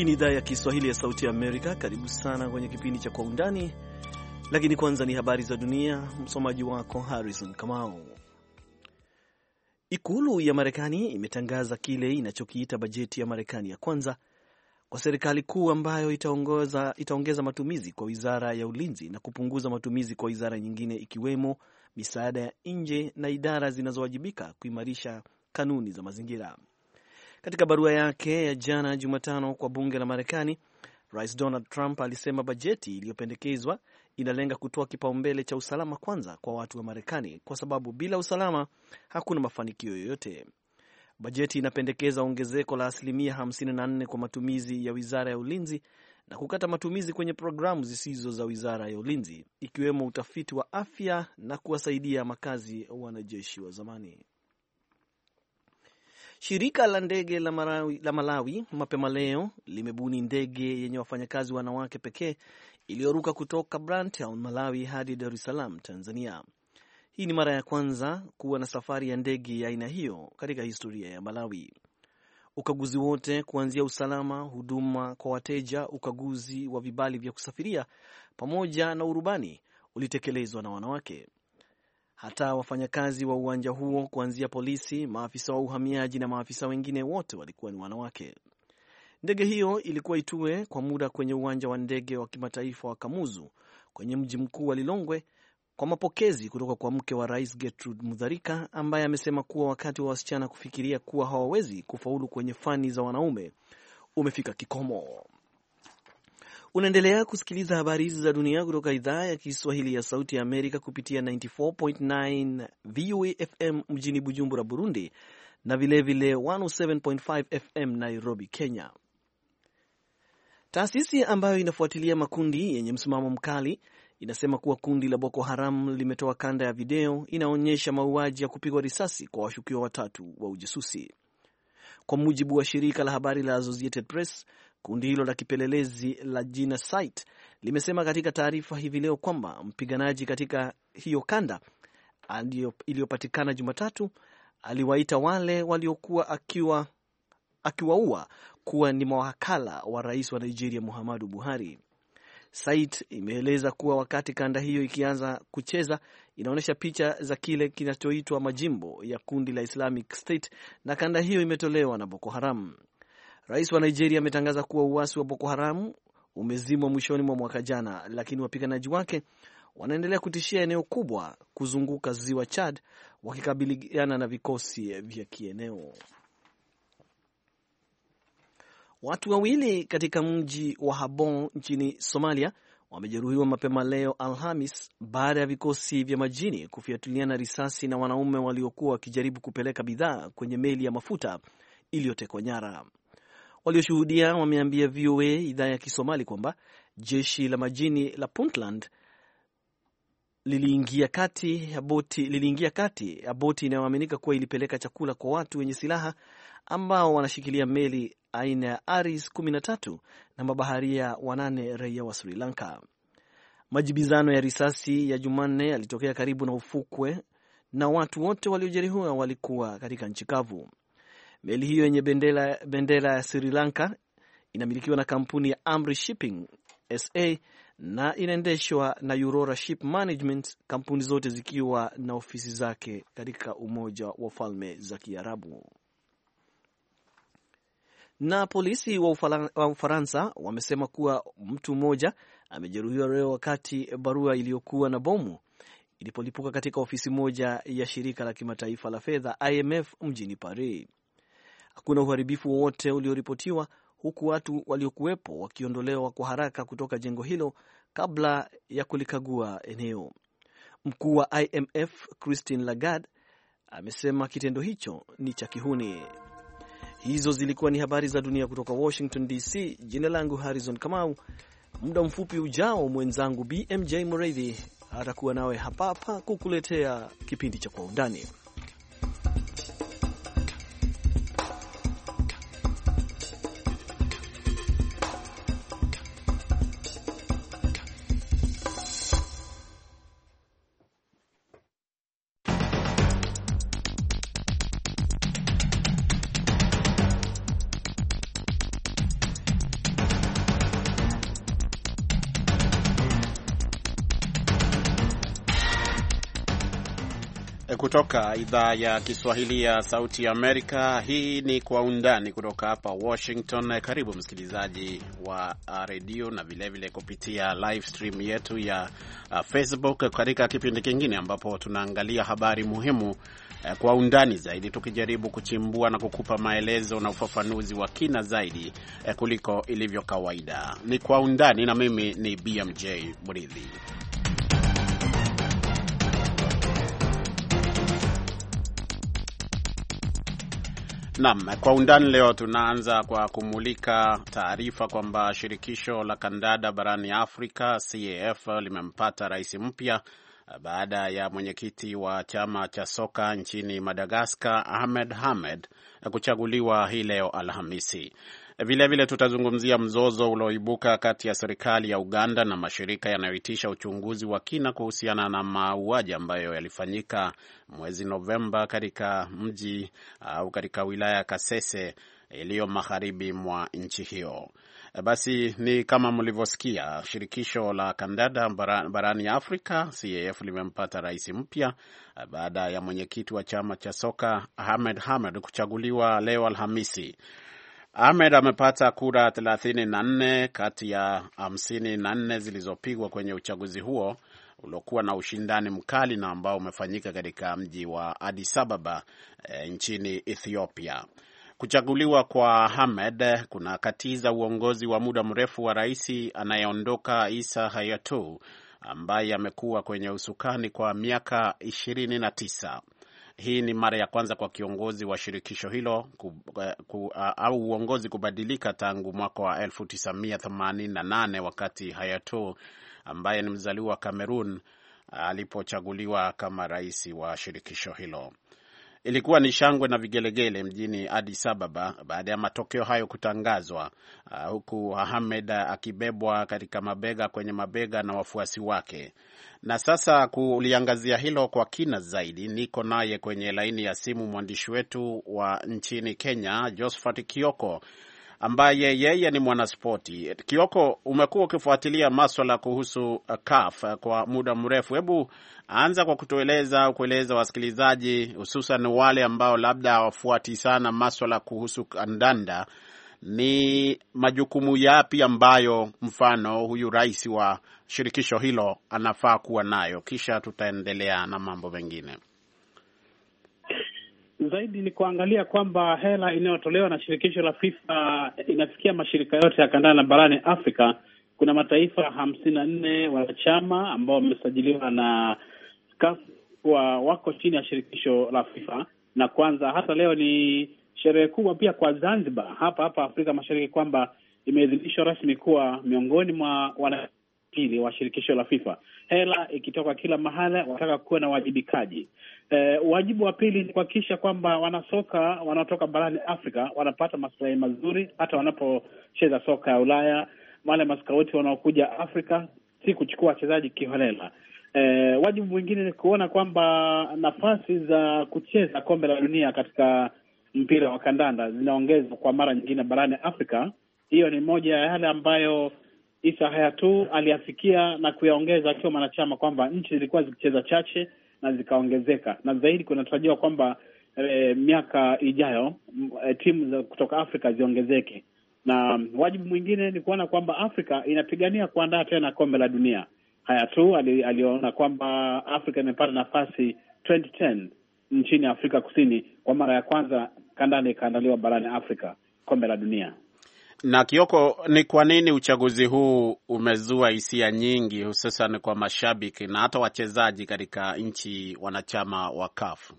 Hii ni idhaa ya Kiswahili ya Sauti ya Amerika. Karibu sana kwenye kipindi cha Kwa Undani, lakini kwanza ni habari za dunia. Msomaji wako Harrison Kamau. Ikulu ya Marekani imetangaza kile inachokiita bajeti ya Marekani ya kwanza kwa serikali kuu ambayo itaongeza, itaongeza matumizi kwa wizara ya ulinzi na kupunguza matumizi kwa wizara nyingine ikiwemo misaada ya nje na idara zinazowajibika kuimarisha kanuni za mazingira. Katika barua yake ya jana Jumatano kwa bunge la Marekani, Rais Donald Trump alisema bajeti iliyopendekezwa inalenga kutoa kipaumbele cha usalama kwanza kwa watu wa Marekani kwa sababu bila usalama hakuna mafanikio yoyote. Bajeti inapendekeza ongezeko la asilimia 54 kwa matumizi ya wizara ya ulinzi na kukata matumizi kwenye programu zisizo za wizara ya ulinzi ikiwemo utafiti wa afya na kuwasaidia makazi wanajeshi wa zamani. Shirika la ndege la, la Malawi mapema leo limebuni ndege yenye wafanyakazi wanawake pekee iliyoruka kutoka Brantown, Malawi hadi Dar es Salaam, Tanzania. Hii ni mara ya kwanza kuwa na safari ya ndege ya aina hiyo katika historia ya Malawi. Ukaguzi wote kuanzia usalama, huduma kwa wateja, ukaguzi wa vibali vya kusafiria pamoja na urubani ulitekelezwa na wanawake. Hata wafanyakazi wa uwanja huo kuanzia polisi, maafisa wa uhamiaji na maafisa wengine wote walikuwa ni wanawake. Ndege hiyo ilikuwa itue kwa muda kwenye uwanja wa ndege wa kimataifa wa Kamuzu kwenye mji mkuu wa Lilongwe kwa mapokezi kutoka kwa mke wa rais Gertrude mudharika ambaye amesema kuwa wakati wa wasichana kufikiria kuwa hawawezi kufaulu kwenye fani za wanaume umefika kikomo. Unaendelea kusikiliza habari hizi za dunia kutoka idhaa ya Kiswahili ya Sauti ya Amerika kupitia 94.9 VOA FM mjini Bujumbura, Burundi, na vilevile 107.5 FM Nairobi, Kenya. Taasisi ambayo inafuatilia makundi yenye msimamo mkali inasema kuwa kundi la Boko Haram limetoa kanda ya video inaonyesha mauaji ya kupigwa risasi kwa washukiwa watatu wa ujasusi. Kwa mujibu wa shirika la habari la Associated Press, Kundi hilo la kipelelezi la Jinasite limesema katika taarifa hivi leo kwamba mpiganaji katika hiyo kanda iliyopatikana Jumatatu aliwaita wale waliokuwa akiwa akiwaua kuwa ni mawakala wa rais wa Nigeria Muhammadu Buhari. Sait imeeleza kuwa wakati kanda hiyo ikianza kucheza, inaonyesha picha za kile kinachoitwa majimbo ya kundi la Islamic State na kanda hiyo imetolewa na Boko Haram. Rais wa Nigeria ametangaza kuwa uasi wa Boko Haramu umezimwa mwishoni mwa mwaka jana, lakini wapiganaji wake wanaendelea kutishia eneo kubwa kuzunguka ziwa Chad wakikabiliana na vikosi vya kieneo. Watu wawili katika mji wa Habon nchini Somalia wamejeruhiwa mapema leo Alhamis baada ya vikosi vya majini kufiatuliana risasi na wanaume waliokuwa wakijaribu kupeleka bidhaa kwenye meli ya mafuta iliyotekwa nyara. Walioshuhudia wameambia VOA idhaa ya Kisomali kwamba jeshi la majini la Puntland liliingia kati ya boti liliingia kati ya boti inayoaminika kuwa ilipeleka chakula kwa watu wenye silaha ambao wanashikilia meli aina ya Aris 13 na mabaharia wanane raia wa Sri Lanka. Majibizano ya risasi ya Jumanne yalitokea karibu na ufukwe na watu wote waliojeruhiwa walikuwa katika nchi kavu. Meli hiyo yenye bendera, bendera ya Sri Lanka inamilikiwa na kampuni ya Amri Shipping SA na inaendeshwa na Aurora Ship Management, kampuni zote zikiwa na ofisi zake katika Umoja wa Falme za Kiarabu. Na polisi wa Ufaransa wamesema kuwa mtu mmoja amejeruhiwa leo wakati barua iliyokuwa na bomu ilipolipuka katika ofisi moja ya shirika la kimataifa la fedha IMF mjini Paris. Hakuna uharibifu wowote ulioripotiwa, huku watu waliokuwepo wakiondolewa kwa haraka kutoka jengo hilo kabla ya kulikagua eneo. Mkuu wa IMF Christine Lagarde amesema kitendo hicho ni cha kihuni. Hizo zilikuwa ni habari za dunia kutoka Washington DC. Jina langu Harrison Kamau. Muda mfupi ujao, mwenzangu BMJ Mreidhi atakuwa nawe hapa hapa kukuletea kipindi cha Kwa Undani. kutoka idhaa ya Kiswahili ya Sauti Amerika. Hii ni Kwa Undani kutoka hapa Washington. Karibu msikilizaji wa uh, redio na vilevile vile kupitia live stream yetu ya uh, Facebook katika kipindi kingine ambapo tunaangalia habari muhimu uh, kwa undani zaidi, tukijaribu kuchimbua na kukupa maelezo na ufafanuzi wa kina zaidi kuliko ilivyo kawaida. Ni Kwa Undani na mimi ni BMJ Mridhi. Naam, kwa undani leo tunaanza kwa kumulika taarifa kwamba shirikisho la kandada barani Afrika CAF limempata rais mpya baada ya mwenyekiti wa chama cha soka nchini Madagaskar Ahmed Hamed kuchaguliwa hii leo Alhamisi. Vilevile vile tutazungumzia mzozo ulioibuka kati ya serikali ya Uganda na mashirika yanayoitisha uchunguzi wa kina kuhusiana na mauaji ambayo yalifanyika mwezi Novemba katika mji au katika wilaya ya Kasese iliyo magharibi mwa nchi hiyo. Basi ni kama mlivyosikia, shirikisho la kandada barani Afrika CAF limempata rais mpya baada ya mwenyekiti wa chama cha soka Ahmed Hamed kuchaguliwa leo Alhamisi. Ahmed amepata kura 34 kati ya 54 zilizopigwa kwenye uchaguzi huo uliokuwa na ushindani mkali na ambao umefanyika katika mji wa Addis Ababa e, nchini Ethiopia. Kuchaguliwa kwa Ahmed katiza uongozi wa muda mrefu wa rais anayeondoka Isa Hayatou ambaye amekuwa kwenye usukani kwa miaka 29. Hii ni mara ya kwanza kwa kiongozi wa shirikisho hilo ku, eh, ku, ah, au uongozi kubadilika tangu mwaka wa 1988 wakati hayatu ambaye ni mzaliwa wa cameron alipochaguliwa kama rais wa shirikisho hilo. Ilikuwa ni shangwe na vigelegele mjini Addis Ababa baada ya matokeo hayo kutangazwa, uh, huku Ahmed akibebwa katika mabega kwenye mabega na wafuasi wake. Na sasa kuliangazia hilo kwa kina zaidi, niko naye kwenye laini ya simu mwandishi wetu wa nchini Kenya, josphat Kioko ambaye yeye ni mwanaspoti. Kioko, umekuwa ukifuatilia maswala kuhusu uh, CAF kwa muda mrefu. Hebu anza kwa kutueleza au kueleza wasikilizaji, hususan wale ambao labda hawafuati sana maswala kuhusu kandanda, ni majukumu yapi ambayo mfano huyu rais wa shirikisho hilo anafaa kuwa nayo, kisha tutaendelea na mambo mengine zaidi ni kuangalia kwamba hela inayotolewa na shirikisho la FIFA eh, inafikia mashirika yote ya kandanda barani Afrika. Kuna mataifa hamsini na nne wanachama ambao wamesajiliwa na CAF wa wako chini ya shirikisho la FIFA, na kwanza hata leo ni sherehe kubwa pia kwa Zanzibar hapa hapa Afrika Mashariki kwamba imeidhinishwa rasmi kuwa miongoni mwa wanapili wa shirikisho la FIFA, hela ikitoka kila mahala, wanataka kuwa na uwajibikaji. Eh, wajibu wa pili ni kuhakikisha kwamba wanasoka wanaotoka barani Afrika wanapata maslahi mazuri hata wanapocheza soka ya Ulaya. Wale maskauti wanaokuja Afrika si kuchukua wachezaji kiholela. E, wajibu mwingine ni kuona kwamba nafasi za kucheza kombe la dunia katika mpira wa kandanda zinaongezwa kwa mara nyingine barani Afrika. Hiyo ni moja ya yale ambayo Issa Hayatou aliyafikia na kuyaongeza akiwa mwanachama, kwamba nchi zilikuwa zikicheza chache na zikaongezeka, na zaidi kunatarajiwa kwamba e, miaka ijayo e, timu za kutoka Afrika ziongezeke, na wajibu mwingine ni kuona kwamba Afrika inapigania kuandaa tena kombe la dunia. Hayatou aliona kwamba Afrika imepata nafasi 2010 nchini Afrika Kusini kwa mara ya kwanza kandanda ikaandaliwa barani Afrika, kombe la dunia. Na Kioko, ni kwa nini uchaguzi huu umezua hisia nyingi, hususan kwa mashabiki na hata wachezaji katika nchi wanachama wa kafu?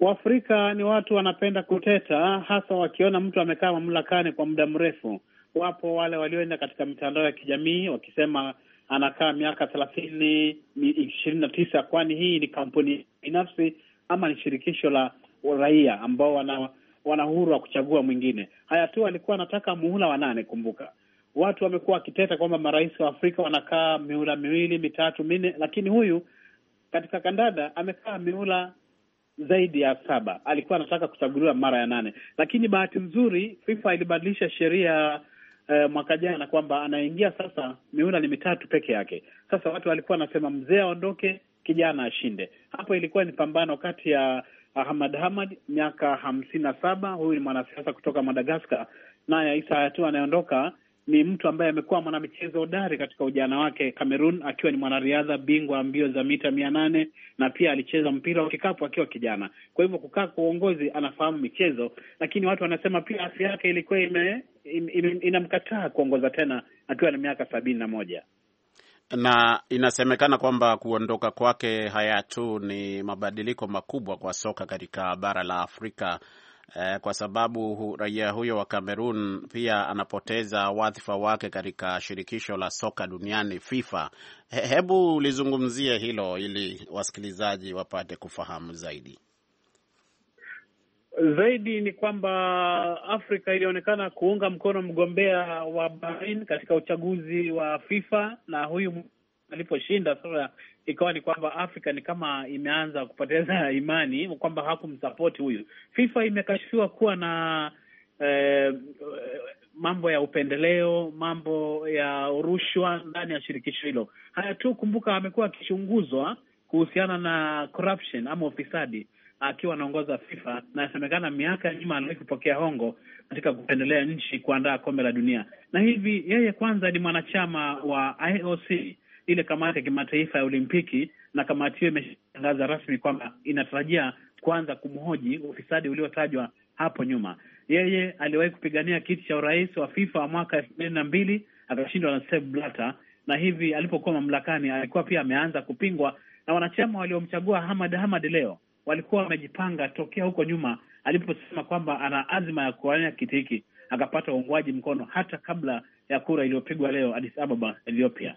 Waafrika ni watu wanapenda kuteta, hasa wakiona mtu amekaa mamlakani kwa muda mrefu. Wapo wale walioenda katika mitandao ya kijamii wakisema anakaa miaka thelathini ishirini na tisa kwani hii ni kampuni binafsi ama ni shirikisho la raia ambao wana wana huru wa kuchagua mwingine. Haya tu alikuwa anataka muhula wa nane. Kumbuka watu wamekuwa wakiteta kwamba marais wa Afrika wanakaa mihula miwili mitatu minne, lakini huyu katika kandada amekaa mihula zaidi ya saba. Alikuwa anataka kuchaguliwa mara ya nane, lakini bahati nzuri FIFA ilibadilisha sheria eh, mwaka jana kwamba anaingia sasa ni mitatu peke yake. Sasa watu walikuwa wanasema mzee aondoke, kijana ashinde. Hapo ilikuwa ni pambano kati ya Ahmad Hamad miaka hamsini na saba, huyu ni mwanasiasa kutoka Madagaskar, naye Isa Hayatou anayeondoka ni mtu ambaye amekuwa mwanamichezo hodari katika ujana wake Cameroon, akiwa ni mwanariadha bingwa mbio za mita mia nane na pia alicheza mpira wa kikapu akiwa kijana. Kwa hivyo kukaa kwa uongozi, anafahamu michezo, lakini watu wanasema pia afya yake ilikuwa ime inamkataa kuongoza tena akiwa na miaka sabini na moja na inasemekana kwamba kuondoka kwake haya tu ni mabadiliko makubwa kwa soka katika bara la Afrika eh, kwa sababu hu, raia huyo wa cameron pia anapoteza wadhifa wake katika shirikisho la soka duniani FIFA. He, hebu lizungumzie hilo ili wasikilizaji wapate kufahamu zaidi zaidi ni kwamba Afrika ilionekana kuunga mkono mgombea wa Bahrain katika uchaguzi wa FIFA na huyu aliposhinda sasa, ikawa ni kwamba Afrika ni kama imeanza kupoteza imani kwamba hakumsapoti huyu. FIFA imekashifiwa kuwa na eh, mambo ya upendeleo, mambo ya rushwa ndani ya shirikisho hilo. Haya tu, kumbuka amekuwa akichunguzwa kuhusiana na corruption ama ufisadi akiwa anaongoza FIFA na inasemekana miaka ya nyuma aliwahi kupokea hongo katika kupendelea nchi kuandaa kombe la dunia. Na hivi yeye kwanza ni mwanachama wa IOC, ile kamati ya kimataifa ya Olimpiki, na kamati hiyo imeshatangaza rasmi kwamba inatarajia kuanza kumhoji ufisadi uliotajwa hapo nyuma. Yeye aliwahi kupigania kiti cha urais wa FIFA wa mwaka elfu mbili na mbili akashindwa na Sepp Blatter, na hivi alipokuwa mamlakani alikuwa pia ameanza kupingwa na wanachama waliomchagua Hamad Hamad leo walikuwa wamejipanga tokea huko nyuma, aliposema kwamba ana azma ya kuwania kiti hiki, akapata uungwaji mkono hata kabla ya kura iliyopigwa leo Addis Ababa, Ethiopia.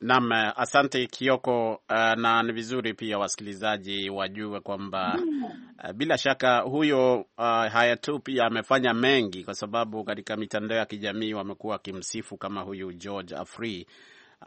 Naam, asante Kioko. Uh, na ni vizuri pia wasikilizaji wajue kwamba uh, bila shaka huyo uh, eh, Hayatu pia amefanya mengi, kwa sababu katika mitandao ya kijamii wamekuwa wakimsifu kama huyu George Afri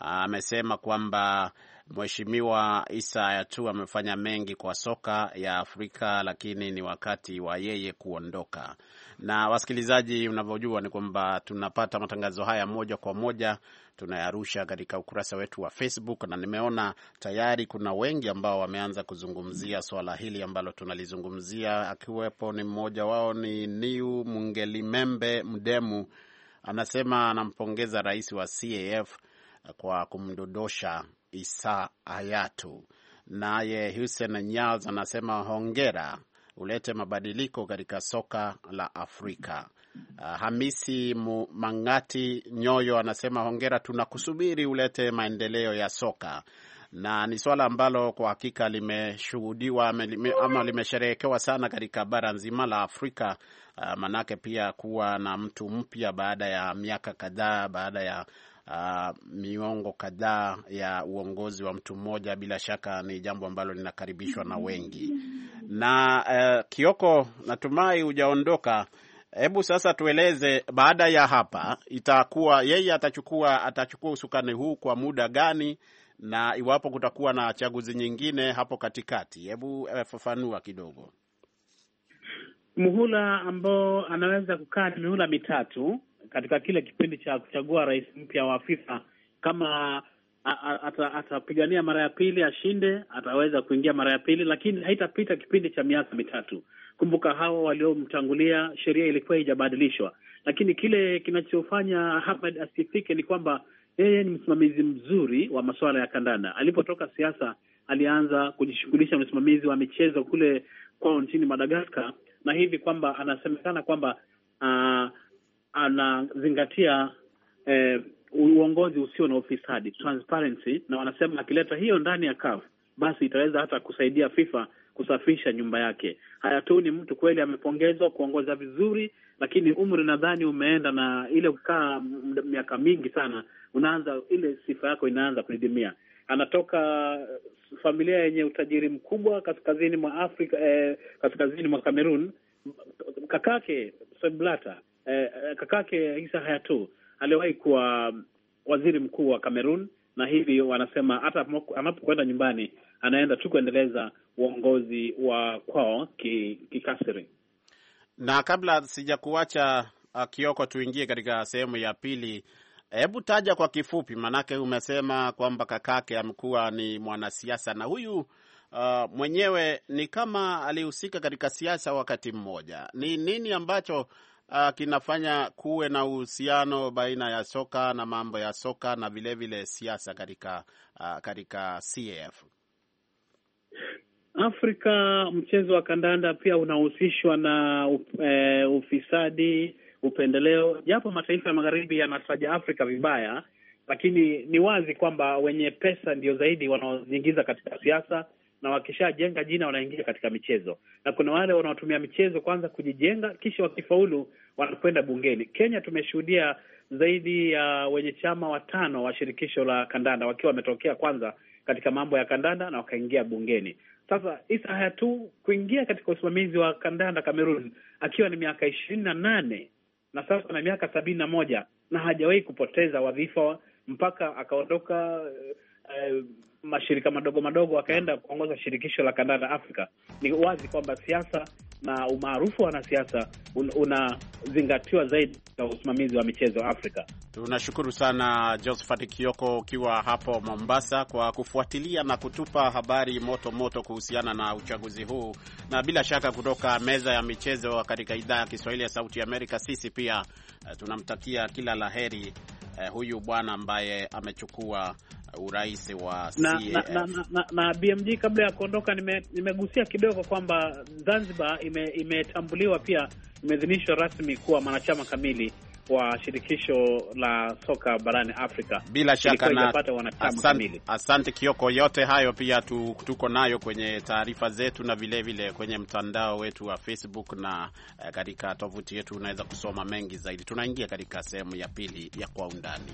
amesema uh, kwamba Mheshimiwa Isa Yatu amefanya mengi kwa soka ya Afrika, lakini ni wakati wa yeye kuondoka. Na wasikilizaji, unavyojua ni kwamba tunapata matangazo haya moja kwa moja, tunayarusha katika ukurasa wetu wa Facebook, na nimeona tayari kuna wengi ambao wameanza kuzungumzia swala hili ambalo tunalizungumzia, akiwepo ni mmoja wao ni Niu Mungelimembe Mdemu, anasema anampongeza rais wa CAF kwa kumdodosha Isa Hayatu. Naye Hussein Nyaz anasema hongera, ulete mabadiliko katika soka la Afrika. Uh, Hamisi Mangati Nyoyo anasema hongera, tunakusubiri ulete maendeleo ya soka na ni swala ambalo kwa hakika limeshuhudiwa ama limesherehekewa sana katika bara nzima la Afrika. Uh, manake pia kuwa na mtu mpya baada ya miaka kadhaa, baada ya uh, miongo kadhaa ya uongozi wa mtu mmoja, bila shaka ni jambo ambalo linakaribishwa na wengi. Na uh, Kioko, natumai hujaondoka. Hebu sasa tueleze, baada ya hapa itakuwa yeye atachukua atachukua usukani huu kwa muda gani, na iwapo kutakuwa na chaguzi nyingine hapo katikati, hebu eh, fafanua kidogo. Muhula ambao anaweza kukaa ni mihula mitatu katika kile kipindi cha kuchagua rais mpya wa FIFA, kama atapigania mara ya pili ashinde, ataweza kuingia mara ya pili, lakini haitapita kipindi cha miaka mitatu. Kumbuka hawa waliomtangulia, sheria ilikuwa haijabadilishwa, lakini kile kinachofanya Ahmed asifike ni kwamba yeye ni msimamizi mzuri wa masuala ya kandanda. Alipotoka siasa, alianza kujishughulisha na usimamizi wa michezo kule kwao nchini Madagaskar, na hivi kwamba anasemekana kwamba uh, anazingatia eh, uongozi usio na ufisadi transparency, na wanasema akileta hiyo ndani ya CAF basi itaweza hata kusaidia FIFA kusafisha nyumba yake. Hayatuni mtu kweli amepongezwa kuongoza vizuri, lakini umri nadhani umeenda, na ile ukikaa miaka mingi sana unaanza ile sifa yako inaanza kudidimia. Anatoka eh, familia yenye utajiri mkubwa kaskazini mwa Afrika, eh, kaskazini mwa Cameroon. Kakake Seblata Eh, eh, kakake Isa hayatu aliwahi kuwa waziri mkuu wa cameron na hivi wanasema hata anapokwenda nyumbani anaenda tu kuendeleza uongozi wa kwao kikasiri ki na kabla sijakuacha ah, Kioko, tuingie katika sehemu ya pili. Hebu taja kwa kifupi, maanake umesema kwamba kakake amekuwa ni mwanasiasa na huyu uh, mwenyewe ni kama alihusika katika siasa wakati mmoja. Ni nini ambacho uh, kinafanya kuwe na uhusiano baina ya soka na mambo ya soka na vilevile siasa katika uh, katika CAF Afrika? Mchezo wa kandanda pia unahusishwa na uh, ufisadi, upendeleo, japo mataifa ya magharibi yanataja Afrika vibaya, lakini ni wazi kwamba wenye pesa ndio zaidi wanaoingiza katika siasa na wakishajenga jina wanaingia katika michezo, na kuna wale wanaotumia michezo kwanza kujijenga, kisha wakifaulu wanakwenda bungeni. Kenya tumeshuhudia zaidi ya uh, wenye chama watano wa shirikisho la kandanda wakiwa wametokea kwanza katika mambo ya kandanda na wakaingia bungeni. Sasa Issa Hayatou kuingia katika usimamizi wa kandanda Cameroon akiwa ni miaka ishirini na nane na sasa na miaka sabini na moja na hajawahi kupoteza wadhifa mpaka akaondoka Eh, mashirika madogo madogo wakaenda kuongoza shirikisho la kandanda Afrika, ni wazi kwamba siasa na umaarufu wa wanasiasa unazingatiwa una zaidi na usimamizi wa michezo Afrika. Tunashukuru sana Josephat Kioko ukiwa hapo Mombasa kwa kufuatilia na kutupa habari moto moto kuhusiana na uchaguzi huu, na bila shaka kutoka meza ya michezo katika idhaa ya Kiswahili ya Sauti ya Amerika, sisi pia eh, tunamtakia kila la heri eh, huyu bwana ambaye amechukua uh, urais wa na, na, na, na, na BMG. Kabla ya kuondoka, nime, nimegusia kidogo kwamba Zanzibar imetambuliwa ime pia imeidhinishwa rasmi kuwa mwanachama kamili wa shirikisho la soka barani Afrika. Bila shaka na asante, asante Kioko. Yote hayo pia tu, tuko nayo kwenye taarifa zetu na vilevile vile kwenye mtandao wetu wa Facebook na eh, katika tovuti yetu unaweza kusoma mengi zaidi. Tunaingia katika sehemu ya pili ya kwa undani.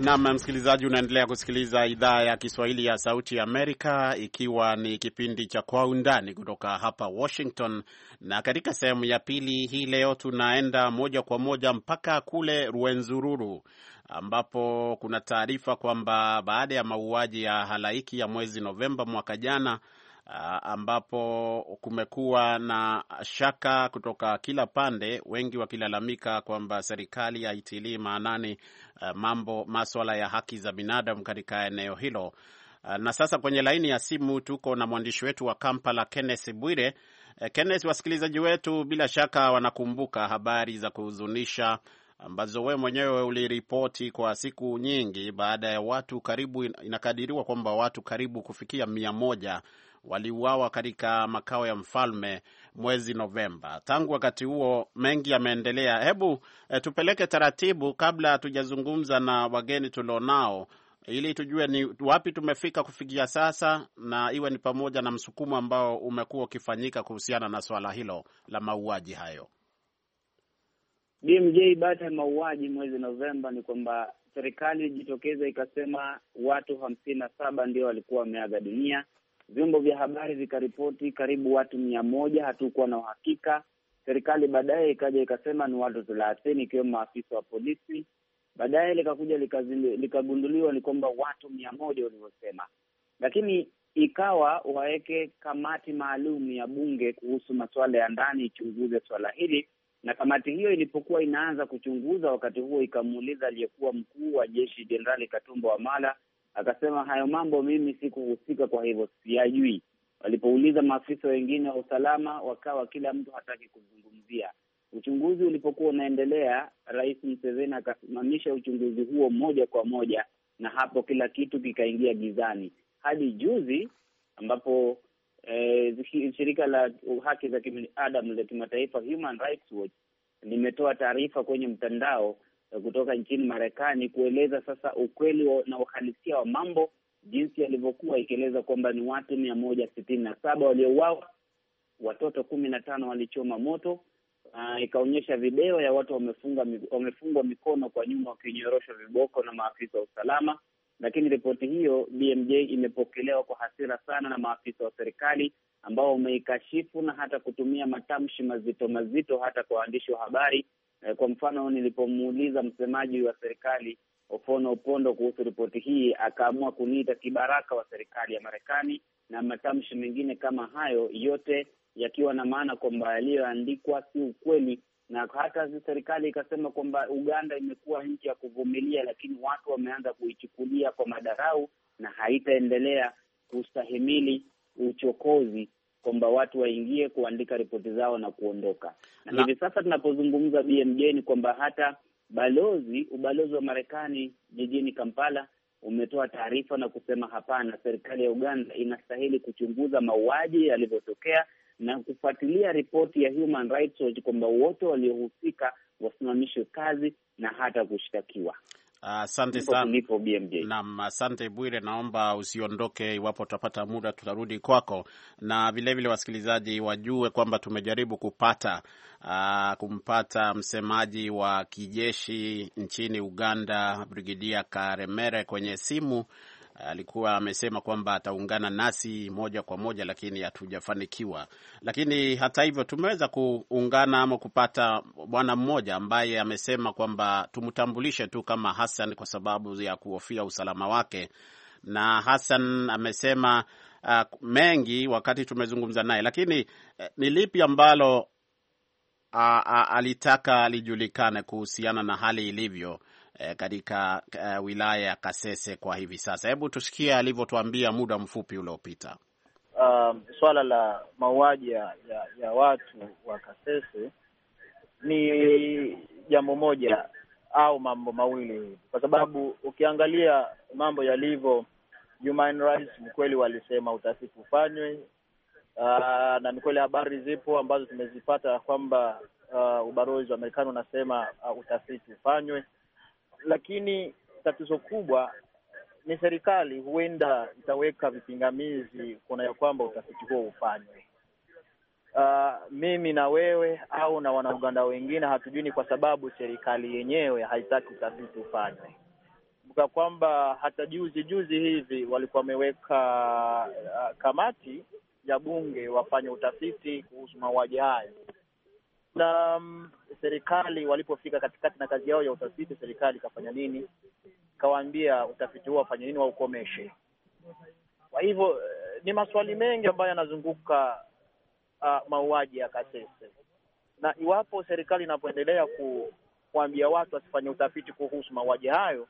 Naam, msikilizaji, unaendelea kusikiliza idhaa ya Kiswahili ya Sauti ya Amerika, ikiwa ni kipindi cha Kwa Undani kutoka hapa Washington. Na katika sehemu ya pili hii leo tunaenda moja kwa moja mpaka kule rwenzururu ambapo kuna taarifa kwamba baada ya mauaji ya halaiki ya mwezi Novemba mwaka jana Ah, ambapo kumekuwa na shaka kutoka kila pande, wengi wakilalamika kwamba serikali haitilii maanani eh, mambo maswala ya haki za binadamu katika eneo hilo. Ah, na sasa kwenye laini ya simu tuko na mwandishi wetu wa Kampala, Kenneth Bwire. Eh, Kenneth, wasikilizaji wetu bila shaka wanakumbuka habari za kuhuzunisha ambazo wewe mwenyewe uliripoti kwa siku nyingi, baada ya watu karibu, inakadiriwa kwamba watu karibu kufikia mia moja waliuawa katika makao ya mfalme mwezi Novemba. Tangu wakati huo mengi yameendelea. Hebu e, tupeleke taratibu, kabla hatujazungumza na wageni tulionao, ili tujue ni wapi tumefika kufikia sasa, na iwe ni pamoja na msukumo ambao umekuwa ukifanyika kuhusiana na swala hilo la mauaji hayo. BMJ, baada ya mauaji mwezi Novemba ni kwamba serikali ilijitokeza ikasema watu hamsini na saba ndio walikuwa wameaga dunia vyombo vya habari vikaripoti karibu watu mia moja. Hatukuwa na uhakika. Serikali baadaye ikaja ikasema ni watu thelathini ikiwemo maafisa wa polisi. Baadaye likakuja likagunduliwa ni kwamba watu mia moja walivyosema, lakini ikawa waweke kamati maalum ya bunge kuhusu masuala ya ndani ichunguze swala hili, na kamati hiyo ilipokuwa inaanza kuchunguza, wakati huo ikamuuliza aliyekuwa mkuu wa jeshi Jenerali Katumba Wamala Akasema hayo mambo mimi sikuhusika, kwa hivyo siyajui. Walipouliza maafisa wengine wa usalama, wakawa kila mtu hataki kuzungumzia. Uchunguzi ulipokuwa unaendelea, Rais Museveni akasimamisha uchunguzi huo moja kwa moja, na hapo kila kitu kikaingia gizani hadi juzi ambapo eh, shirika la haki za kibinadamu la kimataifa Human Rights Watch limetoa taarifa kwenye mtandao Eh, kutoka nchini Marekani kueleza sasa ukweli na uhalisia wa mambo jinsi yalivyokuwa, ikieleza kwamba ni watu mia moja sitini na saba waliouawa, watoto kumi na tano walichoma moto. Uh, ikaonyesha video ya watu wamefunga wamefungwa mikono kwa nyuma wakinyoroshwa viboko na maafisa wa usalama. Lakini ripoti hiyo BMJ imepokelewa kwa hasira sana na maafisa wa serikali ambao wameikashifu na hata kutumia matamshi mazito mazito hata kwa waandishi wa habari Eh, kwa mfano, nilipomuuliza msemaji wa serikali Ofono Opondo kuhusu ripoti hii, akaamua kuniita kibaraka wa serikali ya Marekani na matamshi mengine kama hayo, yote yakiwa na maana kwamba yaliyoandikwa si ukweli, na hata serikali ikasema kwamba Uganda imekuwa nchi ya kuvumilia, lakini watu wameanza kuichukulia kwa madarau na haitaendelea kustahimili uchokozi kwamba watu waingie kuandika ripoti zao na kuondoka. Na, hivi sasa tunapozungumza BMJ ni kwamba hata balozi ubalozi wa Marekani jijini Kampala umetoa taarifa na kusema hapana, serikali ya Uganda inastahili kuchunguza mauaji yalivyotokea na kufuatilia ripoti ya Human Rights Watch kwamba wote waliohusika wasimamishwe kazi na hata kushtakiwa. Asante sana. Naam, asante Bwire, naomba usiondoke. Iwapo tutapata muda, tutarudi kwako, na vilevile vile wasikilizaji wajue kwamba tumejaribu kupata uh, kumpata msemaji wa kijeshi nchini Uganda, Brigidia Karemere kwenye simu alikuwa amesema kwamba ataungana nasi moja kwa moja, lakini hatujafanikiwa. Lakini hata hivyo tumeweza kuungana ama kupata bwana mmoja ambaye amesema kwamba tumtambulishe tu kama Hassan kwa sababu ya kuhofia usalama wake, na Hassan amesema uh, mengi wakati tumezungumza naye, lakini uh, ni lipi ambalo uh, uh, alitaka lijulikane kuhusiana na hali ilivyo Eh, katika eh, wilaya ya Kasese kwa hivi sasa. Hebu tusikie alivyotuambia muda mfupi uliopita. Um, swala la mauaji ya, ya watu wa Kasese ni jambo moja au mambo mawili, kwa sababu ukiangalia mambo yalivyo, human rights ni kweli walisema utafiti ufanywe. Uh, na ni kweli habari zipo ambazo tumezipata kwamba uh, ubalozi wa Marekani unasema uh, utafiti ufanywe, lakini tatizo kubwa ni serikali huenda itaweka vipingamizi kuna ya kwamba utafiti huo ufanywe. Uh, ah, mimi na wewe au na Wanauganda wengine hatujui ni kwa sababu serikali yenyewe haitaki utafiti ufanywe. Kumbuka kwamba hata juzi juzi hivi walikuwa wameweka uh, kamati ya bunge wafanye utafiti kuhusu mauaji hayo na um, serikali walipofika katikati na kazi yao ya utafiti, serikali ikafanya nini? Ikawaambia utafiti huo wafanye nini, waukomeshe. Kwa hivyo eh, ni maswali mengi ambayo yanazunguka uh, mauaji ya Kasese, na iwapo serikali inapoendelea ku, kuambia watu wasifanye utafiti kuhusu mauaji hayo,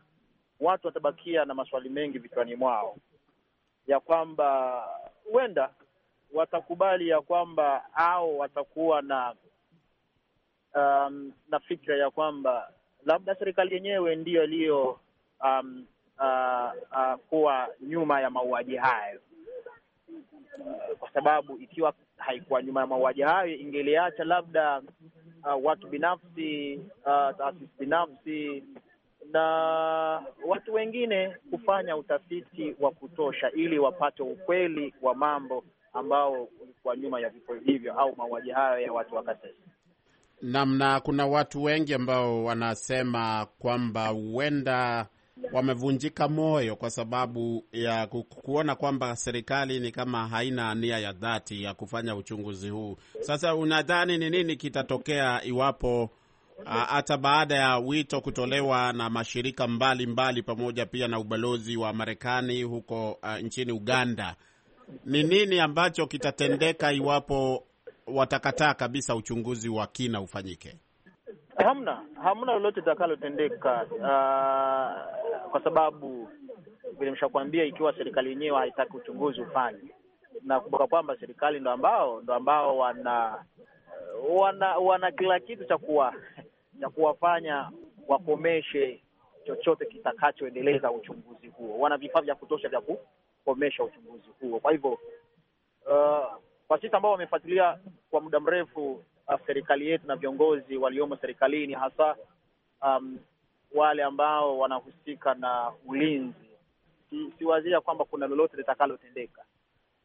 watu watabakia na maswali mengi vichwani mwao ya kwamba huenda watakubali ya kwamba au watakuwa na um, na fikra ya kwamba labda serikali yenyewe ndiyo iliyo um, uh, uh, kuwa nyuma ya mauaji hayo, kwa sababu ikiwa haikuwa nyuma ya mauaji hayo ingeliacha labda uh, watu binafsi uh, taasisi binafsi na watu wengine kufanya utafiti wa kutosha ili wapate ukweli wa mambo ambao ulikuwa nyuma ya vifo hivyo au mauaji hayo ya watu wa Kasese namna. Kuna watu wengi ambao wanasema kwamba huenda wamevunjika moyo kwa sababu ya kuona kwamba serikali ni kama haina nia ya dhati ya kufanya uchunguzi huu. Sasa unadhani ni nini kitatokea iwapo hata baada ya wito kutolewa na mashirika mbalimbali mbali, pamoja pia na ubalozi wa Marekani huko uh, nchini Uganda, ni nini ambacho kitatendeka iwapo watakataa kabisa uchunguzi wa kina ufanyike? Hamna, hamna lolote litakalotendeka, uh, kwa sababu vile nimeshakwambia, ikiwa serikali yenyewe haitaki uchunguzi ufanye, na kumbuka kwamba serikali ndo ambao ndo ambao wana wana wana kila kitu cha kuwa cha kuwafanya wakomeshe chochote kitakachoendeleza uchunguzi huo. Wana vifaa vya kutosha vya kukomesha uchunguzi huo. Kwa hivyo uh, kwa sisi ambao wamefuatilia kwa muda mrefu uh, serikali yetu na viongozi waliomo serikalini, hasa um, wale ambao wanahusika na ulinzi, si, siwazia kwamba kuna lolote litakalotendeka.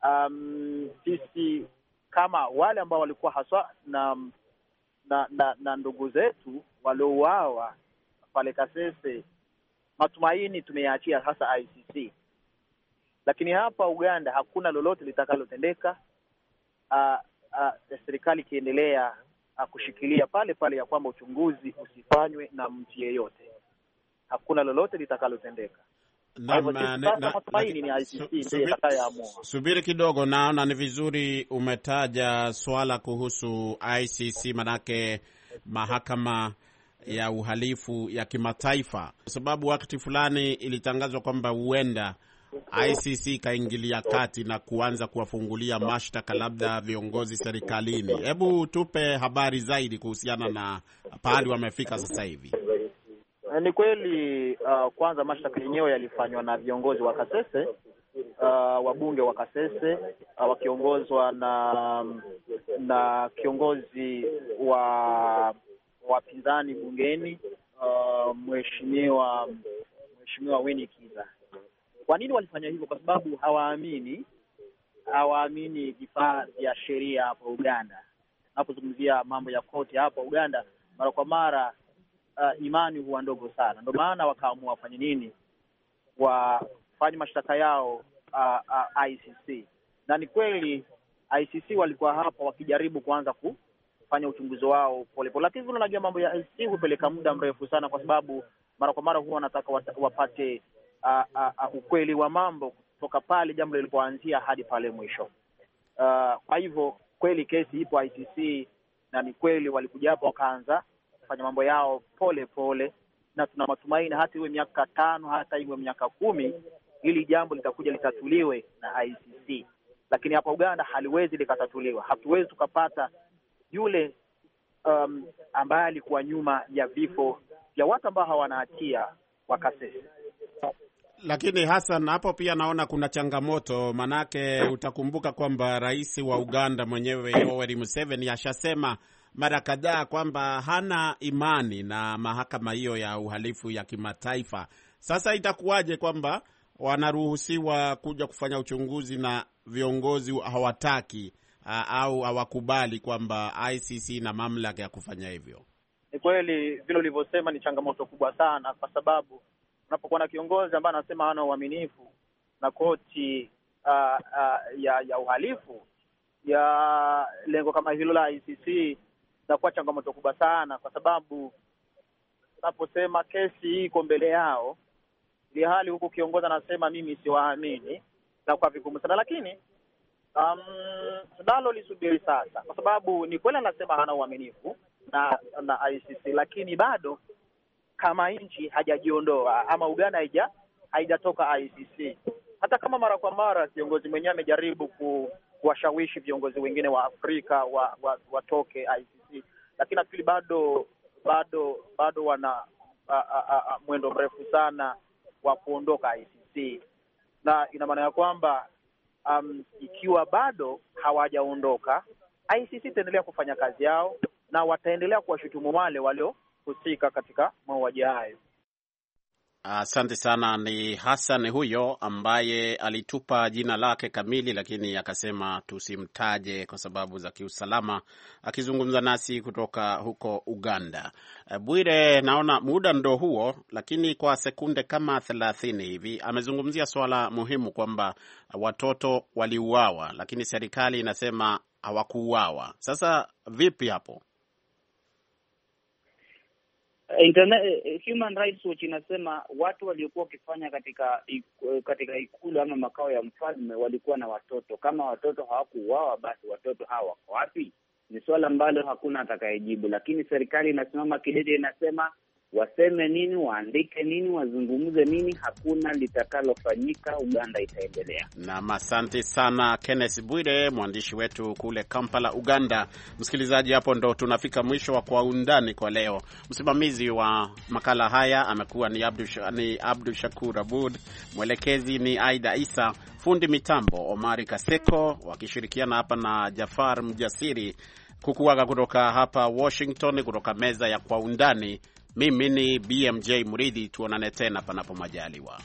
Um, sisi kama wale ambao walikuwa haswa na na, na, na ndugu zetu waliouawa pale Kasese, matumaini tumeyaachia hasa ICC, lakini hapa Uganda hakuna lolote litakalotendeka uh, uh, serikali ikiendelea uh, kushikilia pale pale ya kwamba uchunguzi usifanywe na mtu yeyote, hakuna lolote litakalotendeka. Subiri kidogo, naona ni vizuri umetaja swala kuhusu ICC, manake mahakama ya uhalifu ya kimataifa, kwa sababu wakati fulani ilitangazwa kwamba huenda ICC ikaingilia kati na kuanza kuwafungulia mashtaka labda viongozi serikalini. Hebu tupe habari zaidi kuhusiana na pahali wamefika sasa hivi. Eh, ni kweli uh, kwanza mashtaka yenyewe yalifanywa na viongozi wa Kasese uh, wabunge wa Kasese uh, wakiongozwa na na kiongozi wa wapinzani bungeni uh, mheshimiwa mheshimiwa Winnie Kiza kwa nini walifanya hivyo? Kwa sababu hawaamini hawaamini vifaa vya sheria hapa Uganda. Napozungumzia mambo ya koti hapa Uganda, mara kwa mara uh, imani huwa ndogo sana. Ndio maana wakaamua wafanye nini, wafanye mashtaka yao uh, uh, ICC. Na ni kweli ICC walikuwa hapa wakijaribu kuanza kufanya uchunguzi wao polepole, lakini vile unajua mambo ya ICC hupeleka muda mrefu sana, kwa sababu mara kwa mara huwa wanataka wapate a, a, a, ukweli wa mambo kutoka pale jambo lilipoanzia hadi pale mwisho. Uh, kwa hivyo kweli kesi ipo ICC, na ni kweli walikuja hapo wakaanza kufanya mambo yao pole pole, na tuna matumaini hata iwe miaka tano, hata iwe miaka kumi, hili jambo litakuja litatuliwe na ICC, lakini hapa Uganda haliwezi likatatuliwa. Hatuwezi tukapata yule um, ambaye alikuwa nyuma ya vifo vya watu ambao hawana hatia lakini Hassan, hapo pia naona kuna changamoto, manake utakumbuka kwamba rais wa Uganda mwenyewe Yoweri Museveni ashasema mara kadhaa kwamba hana imani na mahakama hiyo ya uhalifu ya kimataifa. Sasa itakuwaje kwamba wanaruhusiwa kuja kufanya uchunguzi na viongozi hawataki au hawakubali kwamba ICC ina mamlaka ya kufanya hivyo? Ni kweli vile ulivyosema, ni changamoto kubwa sana, kwa sababu unapokuwa na kiongozi ambaye anasema hana uaminifu na koti uh, uh, ya ya uhalifu ya lengo kama hilo la ICC inakuwa changamoto kubwa sana, kwa sababu unaposema kesi hii iko mbele yao, ili hali huku kiongozi anasema mimi siwaamini, inakuwa vigumu sana, lakini um, nalo lisubiri sasa, kwa sababu ni kweli anasema hana uaminifu na na ICC, lakini bado kama nchi hajajiondoa ama Uganda haija haijatoka ICC. Hata kama mara kwa mara kiongozi mwenyewe amejaribu kuwashawishi viongozi wengine wa Afrika wa, wa, watoke ICC, lakini nafikiri bado bado bado wana a, a, a, mwendo mrefu sana wa kuondoka ICC, na ina maana ya kwamba um, ikiwa bado hawajaondoka ICC itaendelea kufanya kazi yao na wataendelea kuwashutumu wale walio husika katika mauaji hayo. Asante sana. Ni Hassan huyo ambaye alitupa jina lake kamili, lakini akasema tusimtaje kwa sababu za kiusalama, akizungumza nasi kutoka huko Uganda. Eh, Bwire, naona muda ndo huo, lakini kwa sekunde kama thelathini hivi amezungumzia swala muhimu kwamba watoto waliuawa, lakini serikali inasema hawakuuawa. Sasa vipi hapo? Internet, eh, Human Rights Watch inasema watu waliokuwa wakifanya katika eh, katika ikulu ama makao ya mfalme walikuwa na watoto. Kama watoto hawakuuawa, basi watoto hawa wako wapi? Ni suala ambalo hakuna atakayejibu, lakini serikali inasimama kidete, inasema waseme nini, waandike nini, wazungumze nini, hakuna litakalofanyika. Uganda itaendelea. Nam, asante sana Kenneth Bwire, mwandishi wetu kule Kampala, Uganda. Msikilizaji, hapo ndo tunafika mwisho wa Kwa Undani kwa leo. Msimamizi wa makala haya amekuwa ni Abdu, ni Abdu Shakur Abud, mwelekezi ni Aida Isa, fundi mitambo Omari Kaseko, wakishirikiana hapa na Jafar Mjasiri, kukuaga kutoka hapa Washington, kutoka meza ya Kwa Undani. Mimi ni BMJ mridhi tuonane tena panapo majaliwa.